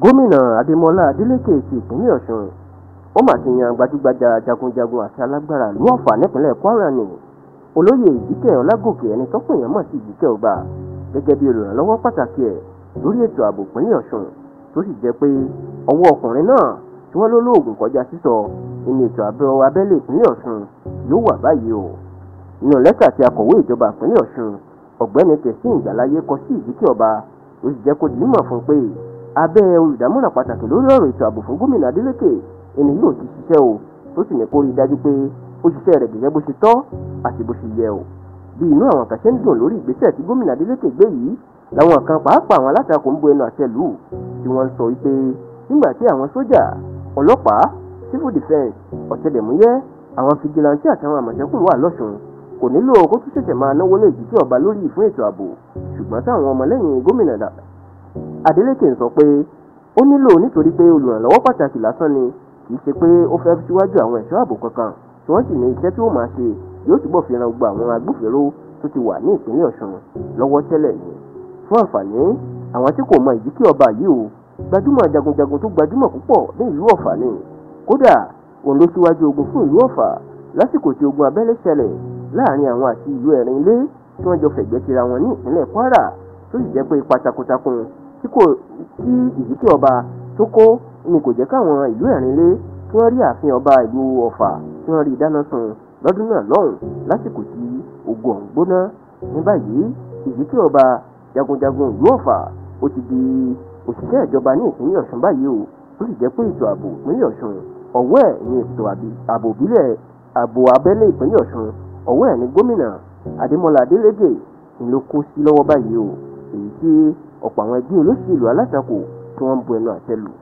gómìnà adémọlá adélèké ti ìpínlẹ̀ ọ̀ṣun ó mà ti yan gbajúgbajà jagunjagun àti alágbára ìlú ọ̀fà nípínlẹ̀ kwara ni olóyè ìdíkẹ́ ọlágòkè ẹni tọ́pọ̀ èèyàn mọ̀ sí ìdíkẹ́ ọba gẹ́gẹ́ bí olùrànlọ́wọ́ pàtàkì ẹ̀ lórí ètò ààbò ìpínlẹ̀ ọ̀ṣun tó sì jẹ́ pé ọwọ́ ọkùnrin náà tí wọ́n ló lóògùn kọjá sísọ ìní ètò ààbò abẹ́lé ìpínlẹ̀ ọ̀ṣun yóò wà báyìí o nínú lẹ́tà tí akọ̀wé ìjọba ìpínlẹ̀ ọ̀ṣun ọ̀gbẹ́ni tẹ̀sí ìgbàláyé kọ sí ìdíkẹ́ ọba ó sì jẹ́ kó dìímọ̀ fún pé abẹ́ olùdámọ̀ràn pàtàkì lórí ọ̀rọ̀ ètò ààbò fún gómìnà Adeleke ẹni yóò ti ṣiṣẹ́ o tó sì ní kó rí i dájú pé ó ṣiṣẹ́ rẹ̀ gẹ́gẹ́ bó ṣe tọ́ àti bó ṣe yẹ o bí inú àwọn kan ṣe ń dùn lórí ìgbésẹ̀ tí gómìnà Adeleke gbé yìí làwọn kan pàápàá àwọn alátakò ń bu ẹnu àtẹ́lù tí wọ́n ń sọ wípé nígbà tí àwọn sójà ọlọ́pàá civil defence ọ̀tẹlẹ̀múyẹ́ àwọn fìjìláńtì àtàwọn àmọ̀tẹ́kùn wà lọ́sùn kò nílò kó tún ṣẹ̀ṣẹ̀ máa náwó lójijì ọba lórí ìfún ètò ààbò ṣùgbọ́n táwọn ọmọlẹ́yìn gómìnà Adeleke ń sọ pé ó nílò nítorí pé olùrànlọ́wọ́ pàtàkì lásán ni kì í ṣe pé ó fẹ́ síwájú àwọn ẹ̀ṣọ́ ààbò kankan tí wọ́n sì ní iṣẹ́ tí ó máa ṣe yóò túbọ̀ fi ran gbogbo àwọn agbófinró tó ti wà ní ìpínlẹ̀ Ọ̀ṣun lọ́wọ́ tẹ́lẹ̀ ni fún àǹfààní àwọn tí kò mọ ìdí kí ọba yìí o gbajúmọ̀ jagunjagun tó gbajúmọ̀ púpọ̀ ní ìlú Ọ̀fà ni kódà òun ló síwájú ogun fún ìlú Ọ̀fà lásìkò tí ogun abẹ́lé ṣẹlẹ̀ láàrin àwọn àti ìlú Ẹ̀rìnlé tí wọ́n jọ fẹ̀gbẹ́ tira wọn ní ìpínlẹ̀ Kwara tó sì jẹ́ pé ipa tí kò tí ìyíkí ọba tó kó ni kò jẹ́ káwọn ìlú ẹ̀rínlé tí wọ́n rí ààfin ọba ìlú ọ̀fà tí wọ́n rí dáná sun lọ́dún náà lọ́hùn lásìkò tí ogun ọ̀hún gbóná ní báyìí ìyíkí ọba jagunjagun ìlú ọ̀fà ó ti di òṣìṣẹ́ ìjọba ní ìpínlẹ̀ ọ̀ṣun báyìí o ó sì jẹ́ pé ètò ààbò ìpínlẹ̀ ọ̀ṣun ọ̀wọ́ ẹ̀ ni ètò ààbò ìbílẹ̀ ààbò abẹ́lé ìpínlẹ̀ ọ̀ṣun ọ̀wọ́ ẹ̀ ni gómìnà adémọlá adélégè ló kó sí lọ́wọ́ báyìí o èyí tí ọ̀pọ̀ àwọn ẹgbẹ́ olóṣèlú alátakò tí wọ́n ń bu ẹnu àtẹ́ lù.